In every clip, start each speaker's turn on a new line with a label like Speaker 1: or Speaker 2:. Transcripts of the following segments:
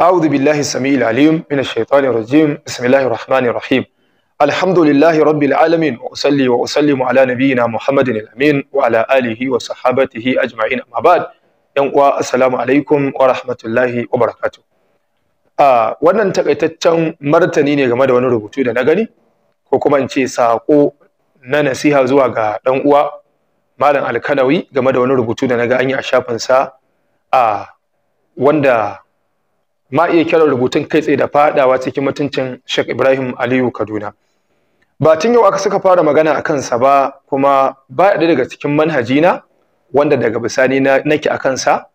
Speaker 1: أعوذ بالله السميع العليم من الشيطان الرجيم بسم الله الرحمن الرحيم الحمد لله رب العالمين وأصلي وأسلم على نبينا محمد الأمين وعلى آله وصحابته أجمعين أما بعد السلام عليكم ورحمة الله وبركاته a wannan takaitaccen martani ne game da wani rubutu da na gani ko kuma in ce saƙo na nasiha zuwa ga ɗan uwa malam alkanawi game da wani rubutu da na ga an yi a shafinsa a wanda ma iya kira rubutun kai tsaye da fadawa cikin mutuncin Sheikh Ibrahim Aliyu Kaduna ba tun yau aka suka fara magana akan sa ba kuma ba da daga cikin manhaji na wanda daga bisani na nake akan sa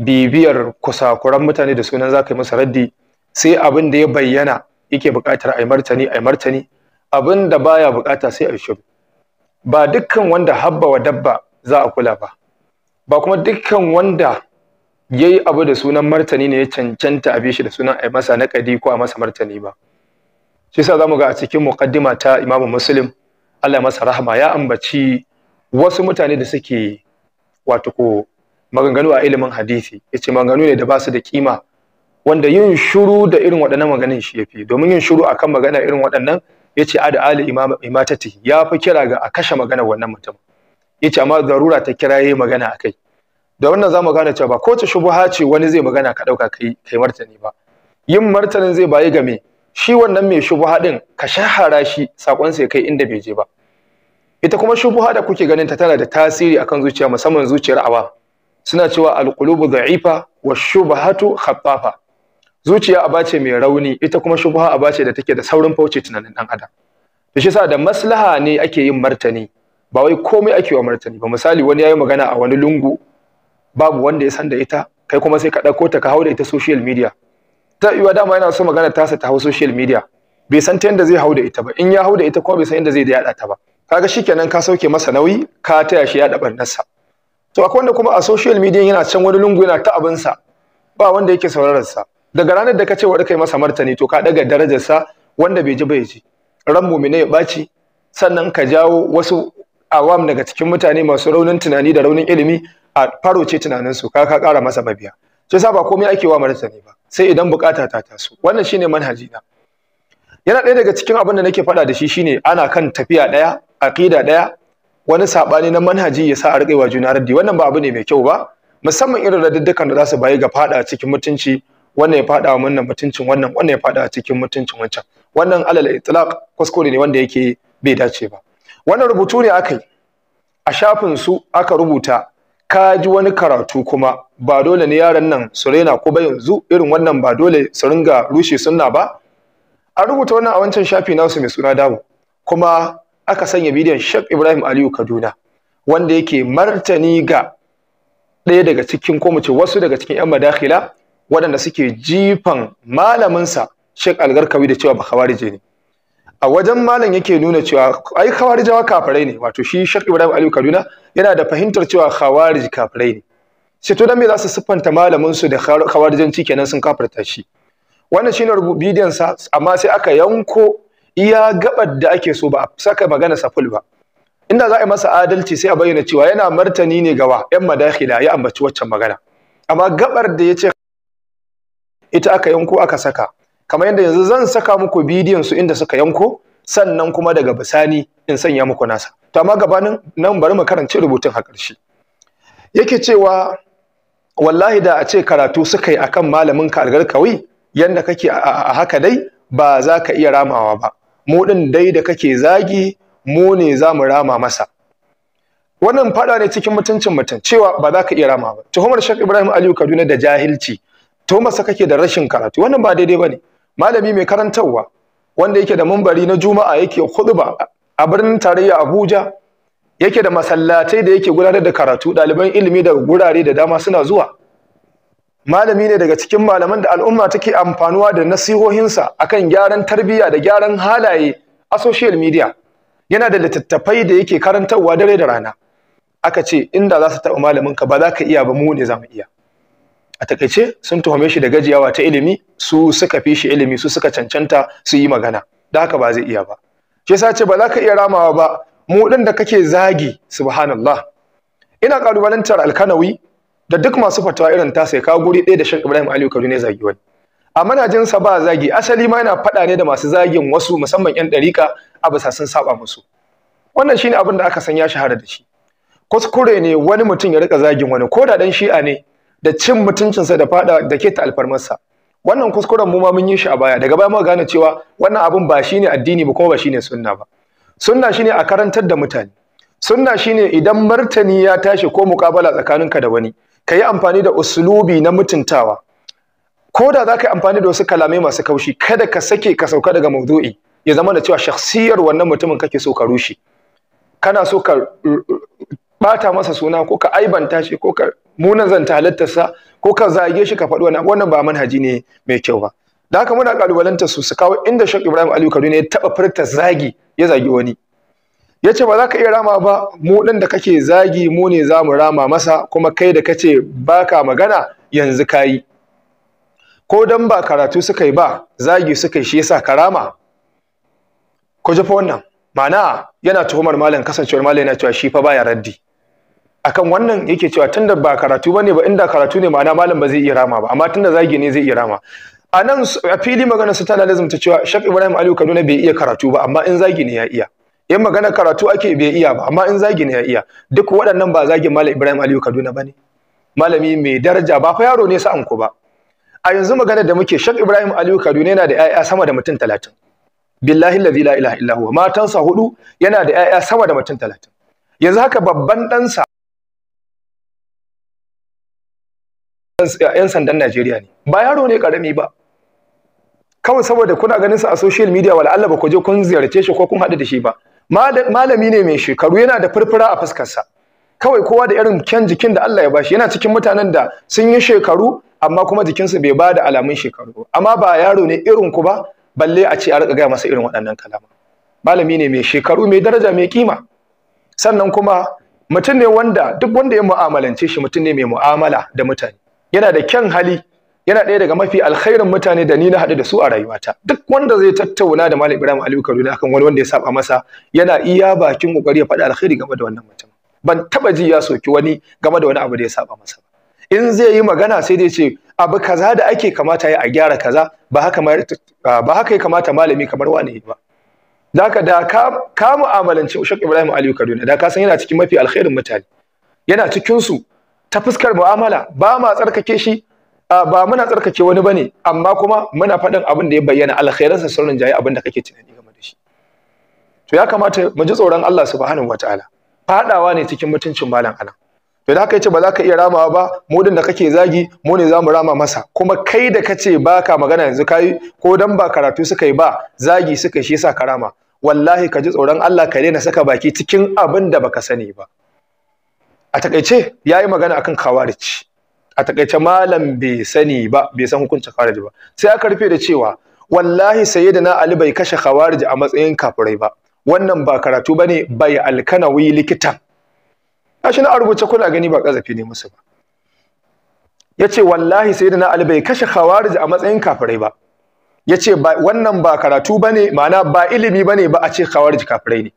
Speaker 1: bibiyar kusakuran mutane da sunan zaka yi masa raddi sai abin da ya bayyana yake buƙatar ai martani ai martani abin da baya buƙata sai ai shiru ba dukkan wanda habba wa dabba za a kula ba ba kuma dukkan wanda Yayi abu da sunan martani ne ya cancanta a shi da sunan a masa naƙadi ko a masa martani ba shi yasa zamu ga a cikin muqaddima ta Imam Muslim Allah masa rahama ya ambaci wasu mutane da suke wato ko maganganu a ilimin hadisi yace maganganu ne da ba su da kima wanda yin shuru da irin waɗannan maganin shi yafi domin yin shuru akan magana irin waɗannan yace ad ali imam imatati ya fi kira ga a kashe magana wannan mutum yace amma zarura ta kiraye magana akai da wannan zamu gane cewa ba kowace shubha ce wani zai magana ka dauka kai kai martani ba yin martanin zai bayi game shi wannan mai shubuha din ka shahara shi sakon sai kai inda bai je ba ita kuma shubuha da kuke ganin ta tana da tasiri akan zuciya musamman zuciyar awa suna cewa alqulubu dha'ifa shubahatu khaffafa zuciya aba mai rauni ita kuma shubuha aba ce da take da saurin fauce tunanin dan adam to shi yasa da maslaha ne ake yin martani ba wai komai ake wa martani ba misali wani yayi magana a wani lungu babu wanda ya san da ita kai kuma sai ka ɗauko ta ka hau da ita social media ta yiwa dama yana so magana tasa ta hau social media bai san ta yadda zai hau da ita ba in ya hau da ita kuma bai san yadda zai da yada ta ba kaga shikenan ka sauke masa nauyi ka taya shi yada barnarsa to akwai wanda kuma a social media yana can wani lungu yana ta abinsa ba wanda yake saurarar sa daga ranar da ka ce wa kai masa martani to ka daga darajarsa wanda bai ji bai ji ran mumine ya baci sannan ka jawo wasu awam daga cikin mutane masu raunin tunani da raunin ilimi a faro ce tunaninsu ka ka ƙara masa mabiya sai yasa ba komai ake wa martani ba sai idan bukata ta taso wannan shine manhaji na yana ɗaya daga cikin abin da nake faɗa da shi shine ana kan tafiya ɗaya aqida ɗaya wani saɓani na manhaji ya sa a wa juna raddi wannan ba abu ne mai kyau ba musamman irin raddukan da za su bayi ga faɗa cikin mutunci wannan ya faɗa wa wannan mutuncin wannan wannan ya faɗa cikin mutuncin wancan wannan alal itlaq kuskure ne wanda yake bai dace ba wannan rubutu ne akai a shafin su aka rubuta ka ji wani karatu kuma ba dole ne yaran nan su raina ko ba yanzu irin wannan ba dole su ringa rushe sunna ba an rubuta wannan a wancan shafi nasu mai suna damu kuma aka sanya bidiyon shek Ibrahim Aliyu Kaduna wanda yake martani ga ɗaya daga cikin ko mu wasu daga cikin 'yan madakhila waɗanda suke jifan malaminsa shek Algarkawi da cewa ba khawarije ne a wajen malam yake nuna cewa ai khawarijawa kafirai ne wato shi Sheikh Ibrahim Aliyu Kaduna yana da fahimtar cewa khawarij kafirai ne sai to dan me za su siffanta malamin su da khawarijanci kenan sun kafirta shi wannan shine bidiyon sa amma sai aka yanko iya gabar da ake so ba a saka magana saful ba inda za a yi masa adalci sai a bayyana cewa yana martani ne gawa yan madakhila ya ambaci waccan magana amma gabar da yace ita aka yanko aka saka kamar yadda yanzu zan saka muku bidiyon su inda suka yanko sannan kuma daga bisani in sanya muku nasa to amma gabanin nan bari mu karanci rubutun a ƙarshe yake cewa wallahi da a ce karatu suka yi akan malamin ka algar kawai yanda kake a haka dai ba za ka iya ramawa ba mu din dai da kake zagi mu ne za mu rama masa wannan fada ne cikin mutuncin mutum cewa ba za ka iya rama ba tuhumar shek ibrahim aliyu kaduna da jahilci tuhumarsa kake da rashin karatu wannan ba daidai ba ne malami mai karantarwa wanda yake da mambari na juma'a yake khutba a birnin tarayya Abuja yake da masallatai da yake gudanar da karatu ɗaliban ilimi daga gurare da dama suna zuwa malami ne daga cikin malaman da al'umma take amfanuwa da nasihohinsa akan gyaran tarbiyya da gyaran halaye a social media yana da littattafai da yake karantarwa dare da rana aka ce inda za su taɓa ka ba za ka iya ba mu ne za mu iya a takaice sun tuhume shi da gajiyawa ta ilimi su suka fi shi ilimi su suka cancanta su yi magana da haka ba zai iya ba shi yasa ce ba za ka iya ramawa ba mu din da kake zagi subhanallah ina kalubalantar alkanawi da duk masu fatawa irin ta sai ka guri ɗaya da shan Ibrahim Aliyu Kaduna ya zagi wani a manajinsa ba zagi asali ma yana faɗa ne da masu zagin wasu musamman yan ɗariƙa a bisa sun saba musu wannan shine abin da aka san ya shahara da shi kuskure ne wani mutum ya rika zagin wani ko da dan shi'a ne da cin mutuncinsa da fada da keta alfarmarsa wannan kuskuren mu ma mun yi shi a baya daga baya muka gane cewa wannan abin ba shine addini ba kuma ba shine sunna ba sunna shine a karantar da mutane sunna shine idan martani ya tashi ko mukabala ka da wani kayi amfani da uslubi na mutuntawa ko da za ka yi amfani da wasu kalamai masu kaushi kada ka sake ka sauka daga maudu'i ya zama da cewa shakhsiyar wannan mutumin kake so ka rushe kana so ka bata masa suna ko ka aibanta shi ko ka munazanta halittarsa ko ka zage shi ka faɗi wani wannan ba manhaji ne mai kyau ba da haka muna kalubalanta su su kawo inda Sheikh Ibrahim Aliyu Kaduna ya taɓa furta zagi ya zagi wani yace ba za ka iya rama ba mu din da kake zagi mu ne za mu rama masa kuma kai da kace baka magana yanzu kayi ko dan ba karatu suka yi ba zagi suka yi shi yasa karama ko jafa wannan ma'ana yana tuhumar malam kasancewar malam yana cewa shi fa baya raddi akan wannan yake cewa tunda ba karatu bane ba inda karatu ne ma'ana malam ba zai iya rama ba amma tunda zagi ne zai iya rama a a fili magana su tana lazim ta cewa Sheikh Ibrahim Aliyu Kaduna bai iya karatu ba amma in zagi ne ya iya Yan magana karatu ake bai iya ba amma in zagi ne ya iya duk waɗannan ba zagin malam Ibrahim Aliyu Kaduna bane malami mai daraja ba fa yaro ne sa'an ku ba a yanzu magana da muke shak Ibrahim Aliyu Kaduna yana da 'ya'ya sama da mutum talatin. billahi allazi la ilaha illahu matansa hudu yana da 'ya'ya sama da mutum talatin. yanzu haka babban ɗansa 'yan sandan Najeriya ne ba yaro ne karami ba kawai saboda kuna ganin sa a social media wala Allah ba ku je kun ziyarce shi ko kun haɗu da shi ba malami ne mai shekaru yana da furfura a fuskarsa kawai kowa da irin kyan jikin da Allah ya bashi yana cikin mutanen da sun yi shekaru amma kuma jikinsu bai ba da alamun shekaru amma ba yaro ne irin ku ba balle a ce a riƙa gaya masa irin waɗannan kalama malami ne mai shekaru mai daraja mai kima sannan kuma mutum ne wanda duk wanda ya mu'amalance shi mutum ne mai mu'amala da mutane yana da kyan hali yana ɗaya daga mafi alkhairin mutane da ni na haɗu da su a rayuwata duk wanda zai tattauna da malam Ibrahim Aliyu Kaduna kan wani wanda ya saba masa yana iya bakin kokari ya faɗi alkhairi game da wannan mutum ban taba ji ya soki wani game da wani abu da ya saba masa in zai yi magana sai dai ce abu kaza da ake kamata ya a gyara kaza ba haka ba haka ya kamata malami kamar wani ba da ka ka mu'amalanci Sheikh Ibrahim Aliyu Kaduna da ka san yana cikin mafi alkhairin mutane yana cikin su ta fuskar mu'amala ba ma tsarkake shi ba muna tsarkake wani bane amma kuma muna faɗin abin da ya bayyana sa sun jayi abin da kake tunani game da shi to ya kamata mu ji tsoron Allah subhanahu wataala fadawa ne cikin mutuncin malam anan to da haka ce ba za ka iya ramawa ba mu din da kake zagi mu ne zamu rama masa kuma kai da kace baka magana yanzu kai ko dan ba karatu suka yi ba zagi suka shi yasa ka rama wallahi ka ji tsoron Allah ka daina saka baki cikin abin da baka sani ba a takaice ya yi magana akan kawarici a takaice malam bai sani ba bai san hukuncin khawarij ba sai aka rufe da cewa wallahi sayyidina ali bai kashe khawarij a matsayin kafirai ba wannan ba karatu bane bai alkanawi likita gashi na rubuce kuna gani ba kazafi ne musu ba yace wallahi sayyidina ali bai kashe khawarij a matsayin kafirai ba yace wannan ba karatu bane ma'ana ba ilimi bane ba a ce khawarij kafirai ne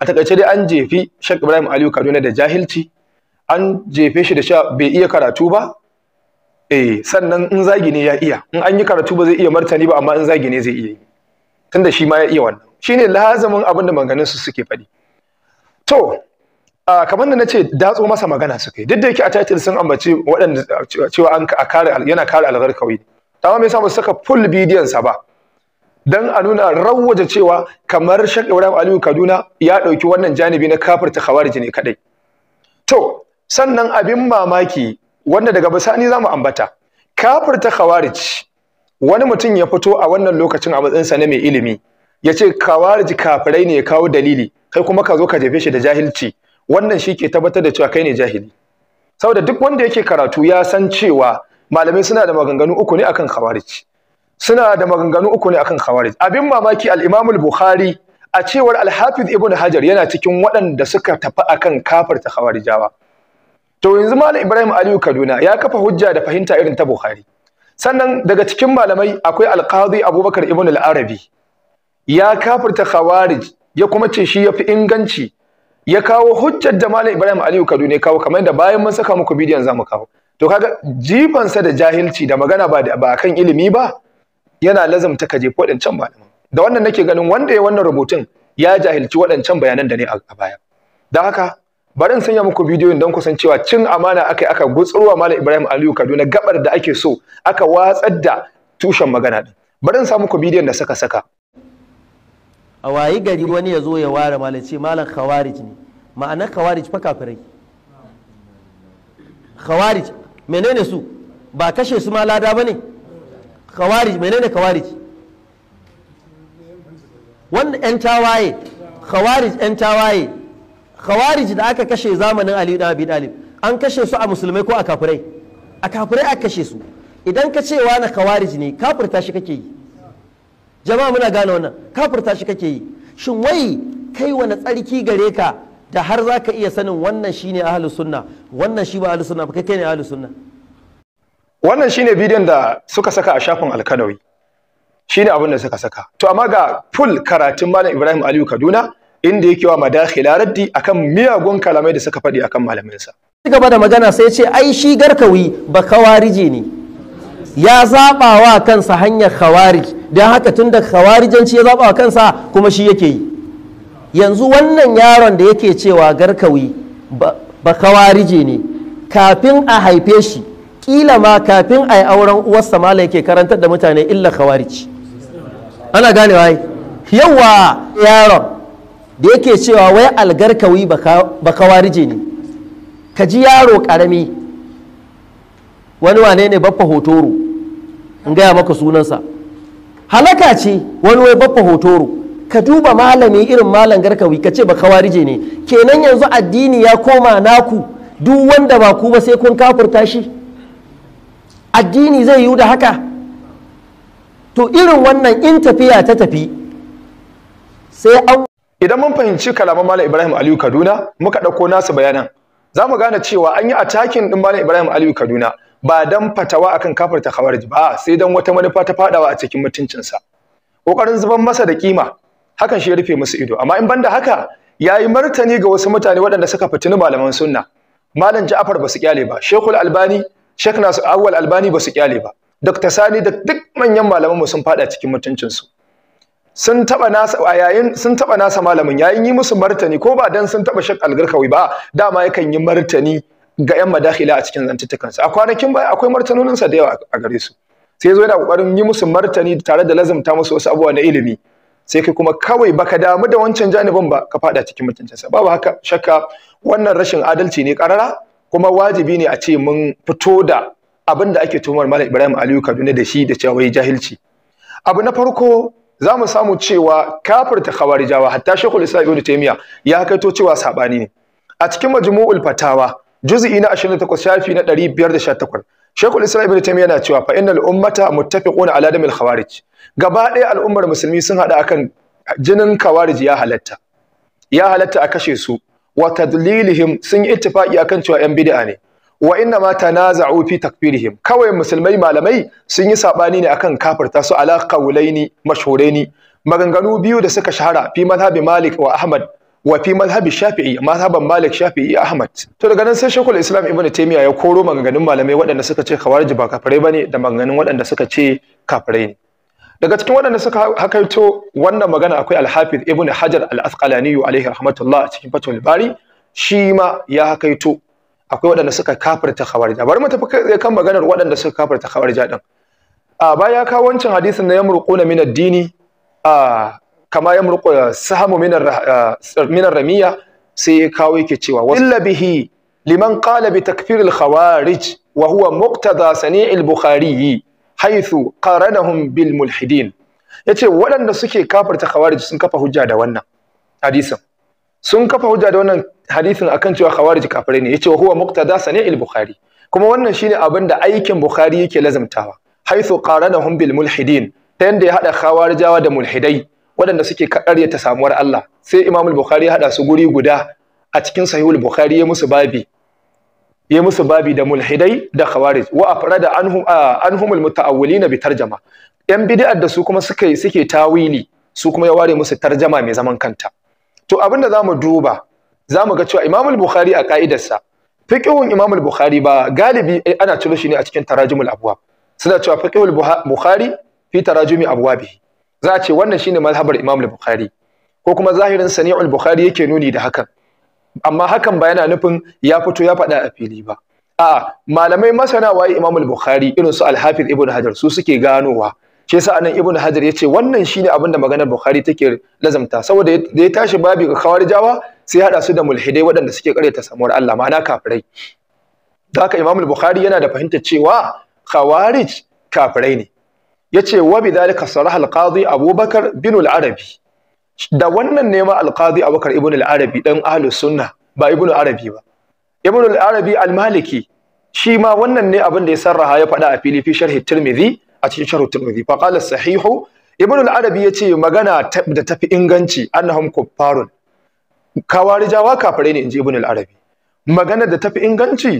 Speaker 1: a takaice dai an jefi Sheikh Ibrahim Aliyu Kaduna da jahilci an jefe shi da sha bai iya karatu ba eh sannan in zagi ne ya iya in an yi karatu ba zai iya martani ba amma in zagi ne zai iya yi tunda shi ma ya iya wannan shine lazamin abin da maganganun su suke faɗi to a kamar da nace datso masa magana suka yi duk da yake a title sun ambaci waɗanda cewa an kare yana kare algar kawai amma me yasa ba saka full bidiyon sa ba dan a nuna rawaje cewa kamar Sheikh Ibrahim Aliyu Kaduna ya ɗauki wannan janibi na kafirta khawarij ne kaɗai? to sannan abin mamaki wanda daga bisani zamu ambata kafirta khawarij wani mutum ya fito a wannan lokacin a matsayinsa na mai ilimi ya ce khawarij kafirai ne ya kawo dalili kai kuma ka zo ka jefe shi da jahilci wannan shi ke tabbatar da cewa kai ne jahili saboda duk wanda yake karatu ya san cewa malamai suna da maganganu uku ne akan khawarij suna da maganganu uku ne akan khawarij abin mamaki al-Imam al-Bukhari a cewar al-Hafiz Ibn Hajar yana cikin waɗanda suka tafi akan kafirta khawarijawa to yanzu malam Ibrahim Aliyu Kaduna ya kafa hujja da fahimta irin ta Bukhari sannan daga cikin malamai akwai alqadi Abubakar ibn al-Arabi ya kafirta khawarij ya kuma ce shi yafi inganci ya kawo hujjar da malam Ibrahim Aliyu Kaduna ya kawo kamar yadda bayan mun saka muku bidiyon zamu kawo to kaga jifansa da jahilci da magana ba ba kan ilimi ba yana lazamta kaje waɗancan malamai. da wannan nake ganin wanda ya wannan rubutun ya jahilci waɗancan bayanan da ne a baya da haka bari in sanya muku bidiyon don kusan cewa cin amana aka aka gutsurwa malam Ibrahim Aliyu Kaduna gabar da ake so aka watsar da tushen magana din bari in sa muku bidiyon da saka saka
Speaker 2: a wayi gari wani ya zo ya ware malam ce malam khawarij ne ma'ana khawarij fa kafirai khawarij menene su ba kashe su ma lada bane khawarij menene khawarij Wannan yan tawaye khawarij yan tawaye khawarij da aka kashe zamanin aliyu da abi talib an kashe su a musulmai ko a kafirai a kafirai aka kashe su idan ka ce wani khawarij ne kafirta shi kake yi jama'a muna gane wannan kafirta shi kake yi shin wai kai wani tsarki gare ka da har za ka iya sanin wannan shine ahlus sunna wannan shi ba ahlus sunna ba kai kai ne ahlus sunna
Speaker 1: wannan shine bidiyon da suka saka a shafin alkanawi shine abin da suka saka to amma ga full karatun malam Ibrahim Aliyu Kaduna inda yake wa madakhila raddi akan miyagun kalamai da suka faɗi akan malaminsa
Speaker 2: gaba da magana sai ce ai shi garkawi ba kawarije ne ya zaɓa wa kansa hanyar khawarij don haka tun da khawarijanci ya zaɓa wa kansa kuma shi yake yi yanzu wannan yaron da yake cewa garkawi ba kawarije ne kafin a haife shi kila ma kafin a yi auren uwarsa mala yake karantar da mutane illa khawarij ana ganewa yauwa yaron da yake cewa wai algarkawi ba kawarije ne ka ji yaro karami wani wane ne baffa hotoro in gaya maka sunansa halaka ce wani wai baffa hotoro ka duba malami irin malam garkawi ka ce ba kawarije ne kenan yanzu addini ya koma naku duk wanda ba ku ba sai kun kafurta shi addini zai yiwu da haka to irin wannan in tafiya ta tafi sai
Speaker 1: an idan mun fahimci kalaman malam Ibrahim Aliyu Kaduna muka ɗauko nasu bayanan za mu gane cewa an yi attacking ɗin malam Ibrahim Aliyu Kaduna ba dan fatawa akan kafarta Khawarij ba sai dan wata manufa ta fadawa a cikin mutuncinsa kokarin zuban masa da kima hakan shi ya rufe musu ido amma in banda haka yayi martani ga wasu mutane waɗanda suka fitini malaman sunna malam Ja'far basu kyale ba shekul Albani shekna su Awwal Albani basu kyale ba Dr. Sani da duk manyan malaman mu sun fada cikin mutuncinsu sun taba nasa yayin sun taba nasa malamin yayin yi musu martani ko ba dan sun taba shak algarkawi ba dama yakan yi martani ga yan madakhila a cikin su a kwanakin baya akwai martanonin sa da yawa a gare su sai zo yana kokarin yi musu martani tare da lazumta musu wasu abubuwa na ilimi sai kai kuma kawai baka damu da wancan janibin ba ka fada cikin mutuncinsa babu haka shakka wannan rashin adalci ne karara kuma wajibi ne a ce mun fito da abin da ake tumar Malam Ibrahim Aliyu Kaduna da shi da cewa wai jahilci abu na farko za mu samu cewa kafirta khawarijawa hatta shekul islam ibn taymiya ya kaito cewa sabani ne a cikin majmu'ul fatawa juz'i na 28 shafi na 518 shekul islam ibn taymiya yana cewa fa innal ummata muttafiquna ala damil khawarij gaba ɗaya al'ummar musulmi sun hada akan jinin khawarij ya halatta ya halatta a kashe su wa tadlilihim sun yi ittifaqi akan cewa yan bid'a ne wa inna ma tanaza'u fi takfirihim kawai musulmai malamai sun yi sabani ne akan kafirta su ala qawlaini mashhuraini maganganu biyu da suka shahara fi madhhabi Malik wa Ahmad wa fi madhhabi Shafi'i madhhaban Malik Shafi'i Ahmad to daga nan sai Sheikhul Islam Ibn Taymiyyah ya koro maganganun malamai waɗanda suka ce khawarij ba kafirai bane da maganganun waɗanda suka ce kafirai ne daga cikin waɗanda suka hakaito wannan magana akwai Al-Hafiz Ibn Hajar Al-Asqalani alaihi rahmatullah cikin Fathul Bari shi ma ya hakaito akwai waɗanda suka kafirta khawarija bari mu tafi kan maganar waɗanda suka kafirta khawarij din a baya ka wancan hadisin na yamruquna min ad-dini a kama yamruqu eh, sahamu min eh, min ramiya sai ya kawo yake cewa Illa bihi liman qala bi takfir al-khawarij wa huwa muqtada sani' al-bukhari haythu qaranahum bil mulhidin yace waɗanda suke kafirta khawarij sun kafa hujja da wannan hadisin sun kafa hujja da wannan hadisin akan cewa khawarij kafirai ne yace huwa muqtada sani'il bukhari kuma wannan shine abin da aikin bukhari yake lazimtawa haythu qaranahum bil mulhidin ta yanda ya hada khawarijawa da mulhidai waɗanda suke ta samuwar Allah sai Imamul al-Bukhari ya hada su guri guda a cikin Sahihul Bukhari ya musu babi ya musu babi da mulhidai da khawarij wa afrada anhum anhum al bi tarjama yan bid'ar da su kuma suke suke tawili su kuma ya ware musu tarjama mai zaman kanta to abinda da zamu duba zamu ga cewa Imam al-Bukhari a ka'idarsa fiqhun Imam al-Bukhari ba galibi eh, ana ciro shi ne a cikin tarajumul abwab suna cewa fiqhul Bukhari fi tarajumi abwabihi za a ce wannan shine mazhabar Imam al-Bukhari ko kuma zahirin Sani'ul Bukhari yake nuni da hakan amma hakan ba yana nufin ya fito ya faɗa a fili ba a'a malamai masana waye Imam al-Bukhari irin su al-Hafiz Ibn Hajar su suke ganowa shi yasa anan ibnu hajar yace wannan shine abin da maganar bukhari take lazamta saboda da ya tashi babi ga khawarijawa sai hada su da mulhidai waɗanda suke karyata samuwar Allah ma'ana kafirai haka imam al-bukhari yana da fahimtar cewa khawarij kafirai ne yace wa bidhalika saraha al-qadi abubakar bin al-arabi da wannan ne ma al-qadi abubakar ibn al-arabi dan ahlu sunna ba ibn al-arabi ba ibn al-arabi al-maliki shi ma wannan ne abin da ya sarraha ya faɗa a fili fi sharhi tirmidhi a cikin sharh Tirmidhi fa qala sahihu Ibn al-Arabi yace magana da tafi inganci annahum kuffarun kawarijawa kafirai ne inji Ibn al-Arabi magana da tafi inganci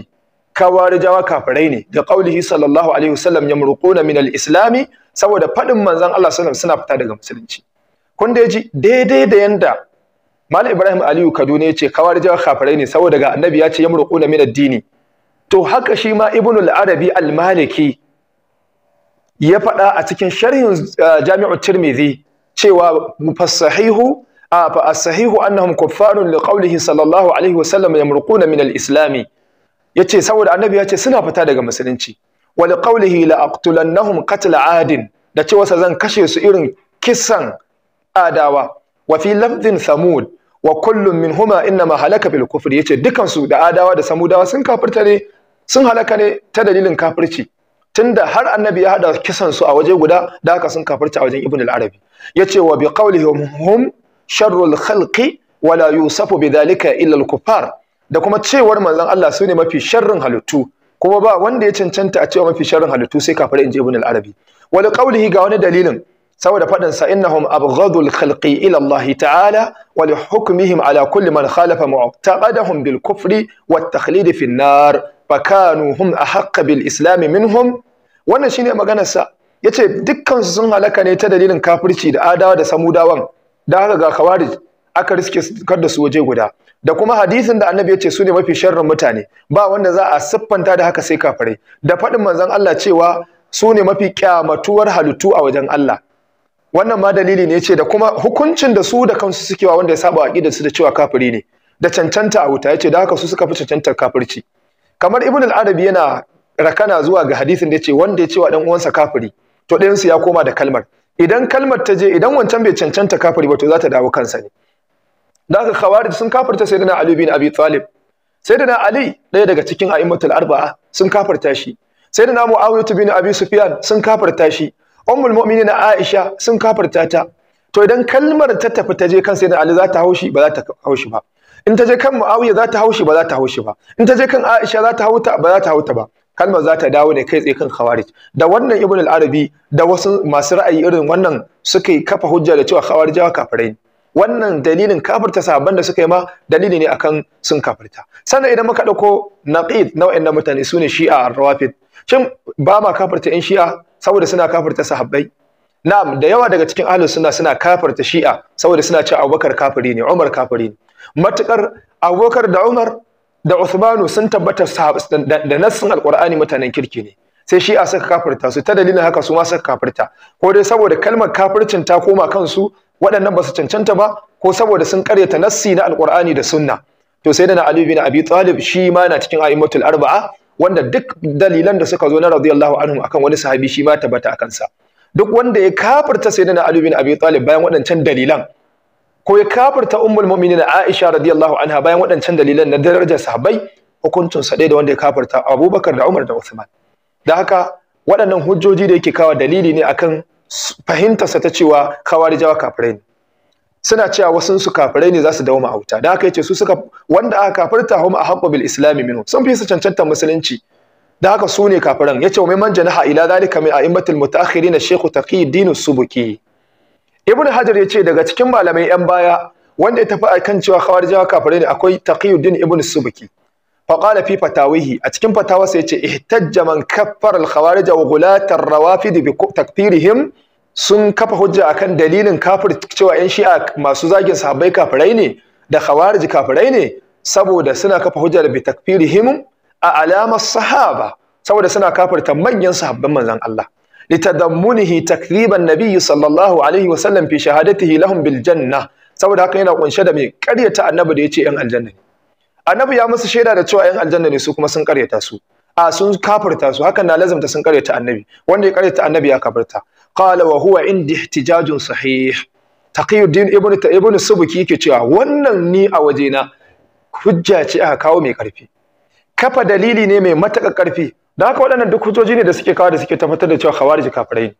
Speaker 1: kawarijawa kafirai ne da qaulihi sallallahu alaihi wasallam yamruquna min al-islami saboda fadin manzon Allah sallallahu suna fita daga musulunci kun da yaji daidai da yanda Mal Ibrahim Aliyu Kaduna yace kawarijawa kafirai ne saboda ga annabi ya ce yamruquna min ad-dini to haka shi ma Ibn al-Arabi al-Maliki ya faɗa a cikin sharhin uh, Jami'un tirmidhi cewa mufasahihu sahihu annahum kuffarun liqaulihi sallallahu alaihi wasallam yamruquna min al-islami yace saboda annabi yace suna fita daga musulunci wa liqaulihi la aqtulannahum qatl adin da cewa zan kashe su irin kisan adawa wa fi lafdin thamud wa kullum minhuma inma halaka bil kufr yace dukan su da adawa da samudawa sun kafirta ne sun halaka ne ta dalilin kafirci tunda har annabi ya hada kisan su a waje guda da haka sun kafarci a wajen ibn al-arabi yace wa bi qawlihim hum sharrul khalqi Wala Yusuf, yusafu bidhalika illa al-kuffar da kuma cewar manzon Allah su ne mafi sharrin halittu kuma ba wanda ya cancanta a cewa mafi sharrin halittu sai kafare inji ibn al-arabi wa qawlihi ga wani dalilin saboda faɗin sa innahum hum khalqi ila Allah ta'ala wa li hukmihim ala kulli man khalafa mu'taqadahum bil kufri wat takhlid fi an-nar fakanu hum ahaqqa bil islam minhum wannan shine maganar sa yace dukkan su sun halaka ne ta dalilin kafirci da adawa da samudawan da haka ga khawarij aka riske kar da su waje guda da kuma hadisin da annabi yace su ne mafi sharrin mutane ba wanda za a siffanta da haka sai kafirai da faɗin manzon Allah cewa su ne mafi kyamatuwar halittu a wajen Allah wannan ma dalili ne ce da kuma hukuncin da su da kansu suke wa wanda ya saba aqidar su da cewa kafiri ne da cancanta a wuta yace da haka su suka fi cancantar kafirci kamar ibn al-arabi yana rakana zuwa ga hadisin da yace wanda ya ce wa dan uwansa kafiri to ɗayan ya koma da kalmar idan kalmar ta je idan wancan bai cancanta kafiri ba to za ta dawo kansa ne da haka khawarij sun kafirta sayyidina ali bin abi talib sayyidina ali ɗaya daga cikin a'immatul arba'a sun kafirta shi sayyidina muawiyah bin abi sufyan sun kafirta shi ummul mu'minin aisha sun kafirta ta to idan kalmar ta tafi ta je kan sayyidina ali za ta haushi ba za ta haushi ba in ta je kan Muawiya za ta haushi ba za ta haushi ba in ta je kan Aisha za ta hauta ba za ta hauta ba kalmar za ta dawo ne kai tsaye kan khawarij da wannan ibn al-arabi da wasu masu ra'ayi irin wannan suka yi kafa hujja da cewa khawarijawa kafirai ne wannan dalilin kafirta sahabban da suka yi ma dalili ne akan sun kafirta sannan idan muka dauko naqid na na mutane sune shi'a ar-rawafid shin ba ma kafirta yan shi'a saboda suna kafirta sahabbai na'am da yawa daga cikin ahlus sunna suna kafarta shi'a saboda suna cewa abubakar kafiri ne umar kafiri ne matukar abubakar da umar da Uthman sun tabbata da nassin alqur'ani mutanen kirki ne sai shi'a suka kafarta su ta dalilin haka su ma suka kafirta ko dai saboda kalmar kafircin ta koma kansu waɗannan ba su cancanta ba ko saboda sun karyata nassi na alqur'ani da sunna to sai da na ali bin abi talib shi ma na cikin a'immatul arba'a wanda duk dalilan da suka zo na radiyallahu anhu akan wani sahabi shi ma tabbata akan sa duk wanda ya kafirta sayyidina Ali bin Abi Talib bayan waɗancan dalilan ko ya kafirta ummul mu'minin Aisha radiyallahu anha bayan waɗancan dalilan na darajar sahabbai hukuncin sa da wanda ya kafirta Abubakar da Umar da Uthman da haka waɗannan hujjoji da yake kawo dalili ne akan fahimtar sa ta cewa khawarijawa kafirai ne suna cewa wasu su kafirai ne za su dawo ma'auta da haka yace su suka wanda aka kafirta hum ahaqqu bil islami minhu sun fi su cancanta musulunci da haka su ne kafiran yace wa mimman janaha ila zalika min a'immatil mutaakhirin na shaykh taqiyuddin subuki Subuki? ibnu hajar ce daga cikin malamai yan baya wanda ya tafi akan cewa khawarijawa kafirai ne akwai taqiyuddin ibnu subuki fa qala fi fatawihi a cikin fatawarsa yace ihtajja man kaffara al-khawarij wa gulat ar-rawafid bi takfirihim sun kafa hujja akan dalilin kafir cewa yan shi'a masu zagin sahabbai kafirai ne da khawarij kafirai ne saboda suna kafa hujja da bi takfirihim a alamar sahaba saboda suna kafarta manyan sahabban manzon Allah litadammunihi takriban nabiyyi sallallahu alaihi wa sallam fi shahadatihi lahum bil janna saboda haka yana kunshe da mai karyata annabi da yace yan aljanna ne annabi ya musu shaida da cewa yan aljanna ne su kuma sun karyata su a sun kafarta su hakan na lazamta sun karyata annabi wanda ya karyata annabi ya kafirta qala wa huwa indi ihtijajun sahih taqiyuddin ibnu ibnu subuki yake cewa wannan ni a wajena hujja ce aka kawo mai karfi kafa dalili ne mai matuƙar ƙarfi don haka waɗannan duk hujjoji ne da suke kawo da suke tabbatar da cewa khawarij kafirai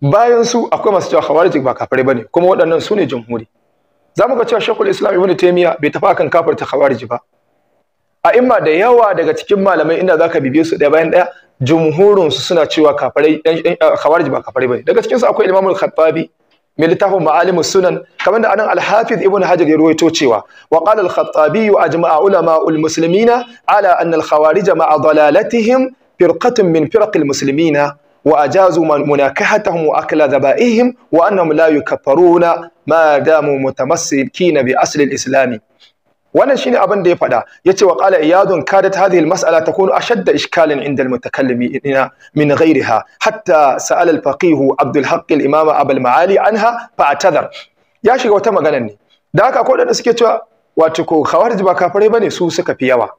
Speaker 1: ne bayan su akwai masu cewa khawarij ba kafirai bane kuma waɗannan su ne jamhuri za mu ga cewa shekul islam ibn taymiya bai tafi akan ta khawarij ba a imma da yawa daga cikin malamai inda zaka bibiye su ɗaya bayan ɗaya jumhurin su suna cewa kafirai khawarij ba kafirai bane daga cikin su akwai imamul khattabi من لتاه معالم السنن كما أن الحافظ ابن حجر يروي توتشيوا وقال الخطابي أجمع علماء المسلمين على أن الخوارج مع ضلالتهم فرقة من فرق المسلمين وأجازوا من مناكحتهم وأكل ذبائهم وأنهم لا يكفرون ما داموا متمسكين بأصل الإسلام wannan shine abin da ya faɗa yace wa qala iyadun kadat hadhihi almas'ala takunu ashadda ishkalan inda ina min ghayriha hatta sa'ala alfaqih Abdul Haqq al-Imam maali anha fa'tadhar ya shiga wata magana ne da haka ko da suke cewa wato ko khawarij ba kafirai bane su suka fi yawa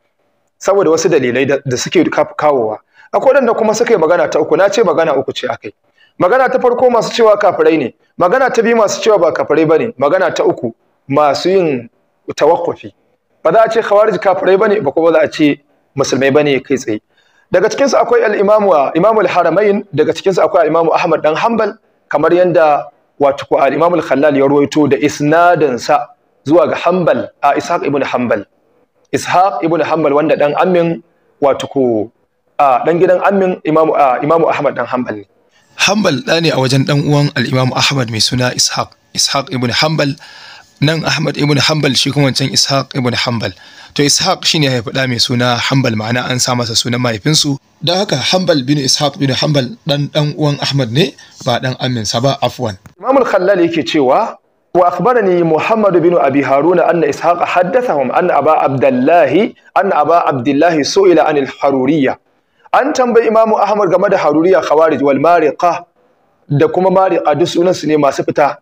Speaker 1: saboda wasu dalilai da suke kawowa akwai kuma suka yi magana ta uku na ce magana uku ce akai magana ta farko masu cewa kafirai ne magana ta biyu masu cewa ba kafirai bane magana ta uku masu yin tawakkufi ba za a ce khawarij kafirai bane ba kuma za a ce musulmai bane kai tsaye daga cikin su akwai al-imamu imamu imamu haramain daga cikin su akwai al-imamu ahmad dan hanbal kamar yanda wato ko al-imamu khallal ya ruwaito da isnadin sa zuwa ga hanbal a ishaq ibn hanbal ishaq ibn hanbal wanda dan amin wato ko a dan gidan ammin imamu imamu ahmad dan hanbal ne hanbal da ne a wajen dan uwan al-imamu ahmad mai suna ishaq ishaq ibn hanbal nan Ahmad ibn Hanbal shi kuma wancan Ishaq ibn Hanbal to Ishaq shine ya faɗa mai suna Hanbal ma'ana an sa masa sunan mahaifinsu don haka Hanbal bin Ishaq bin Hanbal dan dan uwan Ahmad ne ba dan aminsa ba afwan Imam al-Khallal yake cewa wa akhbarani Muhammad bin Abi Harun anna Ishaq haddathahum anna Aba Abdullah anna Aba Abdullah su'ila anil haruriyya an tambayi Imam Ahmad game da haruriyya khawarij wal mariqa da kuma mariqa duk su ne masu fita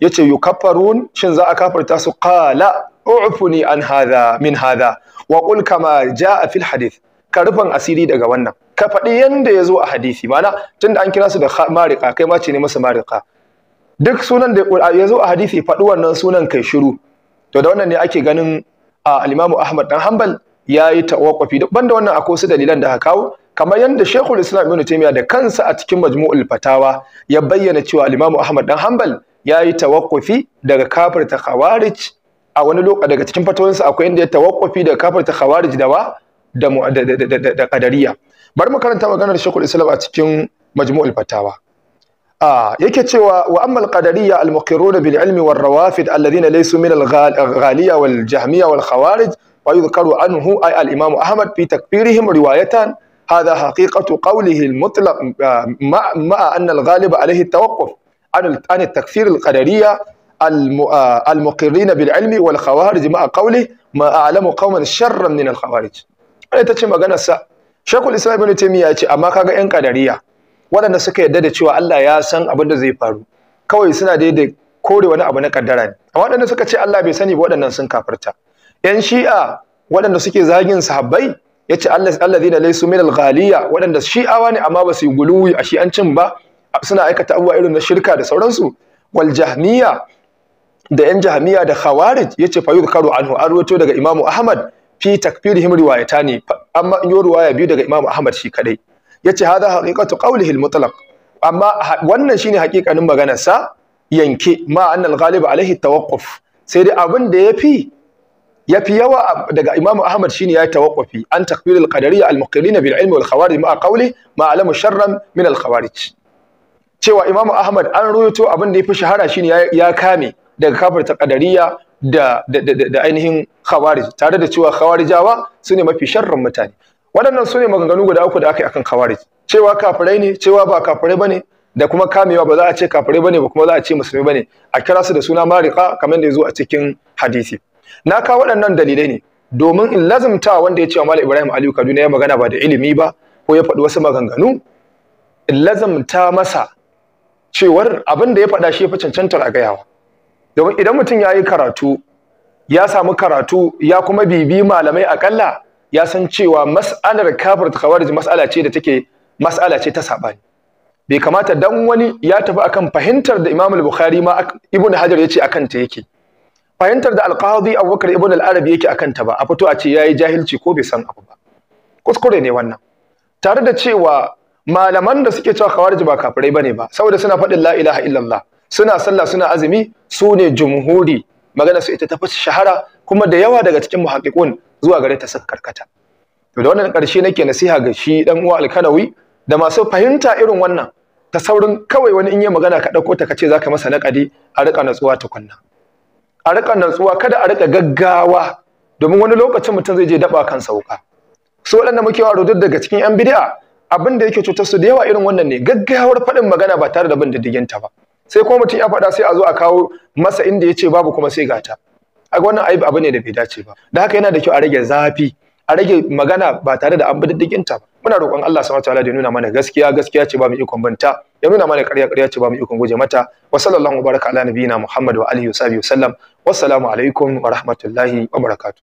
Speaker 1: yace yukaffarun shin za a kafarta su qala u'funi an hadha min hadha wa qul kama jaa fil hadith ka rufan asiri daga wannan ka faɗi yanda ya zo a hadisi ma'ana tunda an kira su da mariƙa, kai ma ce ne masa mariƙa. duk sunan da ya zo a hadisi faɗi wannan sunan kai shiru to da wannan ne ake ganin a imam Ahmad dan Hanbal yayi tawaqqufi banda wannan akwai wasu dalilan da aka kawo kamar yadda Sheikhul Islam Ibn Taymiyyah da kansa a cikin Majmu'ul Fatawa ya bayyana cewa al Ahmad dan Hanbal ya yi tawakkufi daga kafirta khawarij a wani lokaci daga cikin fatoyinsa akwai inda ya tawakkufi daga kafirta khawarij da wa da kadariya bari mu karanta maganar shekul islam a cikin majmu'ul fatawa آه يكتشوا وأما القدرية المقرون بالعلم والروافد الذين ليسوا من الغالية والجهمية والخوارج ويذكر عنه أي الإمام أحمد في تكفيرهم روايتان هذا حقيقة قوله المطلق مع, مع أن الغالب عليه التوقف عن التكفير القدرية المقرين بالعلم والخوارج مع قوله ما أعلم قوما شرا من الخوارج ta ce maganarsa shakul islam ibn taymiya ya ce amma kaga yan kadariya waɗanda suka yarda da cewa Allah ya san abin da zai faru kawai suna daidai kore wani abu na kaddara ne amma wadanda suka ce Allah bai sani ba wadannan sun kafirta yan shi'a waɗanda suke zagin sahabbai yace Allah alladhina laysu min al-ghaliya waɗanda shi'awa ne amma ba su yi guluwi a shi'ancin ba suna aikata abubuwa irin na shirka da sauransu wal jahmiya da yan jahmiya da khawarij yace fa yuzkaru anhu an rawaito daga imam ahmad fi takfirihim riwayatani amma in yo riwaya biyu daga imamu ahmad shi kadai yace hadha haqiqatu qawlihi al-mutlaq amma wannan shine haƙiƙanin maganar sa yanke ma annal ghalib alaihi tawaqquf sai dai abin da yafi yafi yawa daga Imam Ahmad shine yayi tawaqqufi an takfiril qadariyya al muqirrin bil ilmi wal khawarij ma qawli ma alamu sharran min al khawarij cewa Imam Ahmad an ruwaito abin da yafi shahara shine ya kame daga ta qadariyya da da ainihin khawarij tare da cewa khawarijawa sune mafi sharrin mutane waɗannan sune maganganu guda uku da aka yi akan khawarij cewa kafirai ne cewa ba kafirai bane da kuma kamewa ba za a ce kafirai bane ba kuma za a ce musulmi bane a kira su da suna mariqa kamar da yazo a cikin hadisi na kawo waɗannan dalilai ne domin in lazimta wanda ya ce Malam Ibrahim Aliyu Kaduna ya magana ba da ilimi ba ko ya faɗi wasu maganganu in lazimta masa cewar abin da ya faɗa shi ya fi cancantar a gayawa domin idan mutum ya yi karatu ya samu karatu ya kuma bibi malamai akalla ya san cewa mas'alar kafir khawarij mas'ala ce da take mas'ala ce ta saɓani. bai kamata dan wani ya tafi akan fahimtar da Imam al-Bukhari ma Ibn Hajar yace akan ta yake fahimtar da al-Qadhi Abubakar Ibn al-Arabi yake akan ta ba a fito a ce yayi jahilci ko bai san abu ba kuskure ne wannan tare da cewa malaman da suke cewa khawarij ba kafirai bane ba saboda suna faɗin la ilaha illallah suna sallah suna azumi su ne jumhuri magana su ita ta fi shahara kuma da yawa daga cikin muhaqqiqun zuwa gare ta suka karkata to da wannan ƙarshe nake nasiha ga shi dan uwa alkanawi da masu fahimta irin wannan ta saurin kawai wani in yi magana ka ɗauko ta kace zaka masa naƙadi a riƙa natsuwa tukunna a riƙa natsuwa kada a rika gaggawa domin wani lokacin mutum zai je daba kansa wuka su waɗanda muke wa daga cikin yan bid'a abin da yake cutar su da yawa irin wannan ne gaggawar faɗin magana ba tare da bin ta ba sai ko mutum ya faɗa sai a zo a kawo masa inda ya ce babu kuma sai gata a wannan abu ne da bai dace ba da haka yana da kyau a rage zafi a rage magana ba tare da an bi diddiginta ba muna roƙon Allah subhanahu wataala da nuna mana gaskiya gaskiya ce ba mu ikon banta ya nuna mana ƙarya ƙarya ce ba mu ikon guje mata wa sallallahu baraka ala nabiyina muhammad wa alihi wa sahbihi wassalamu alaikum wa rahmatullahi wa barakatuh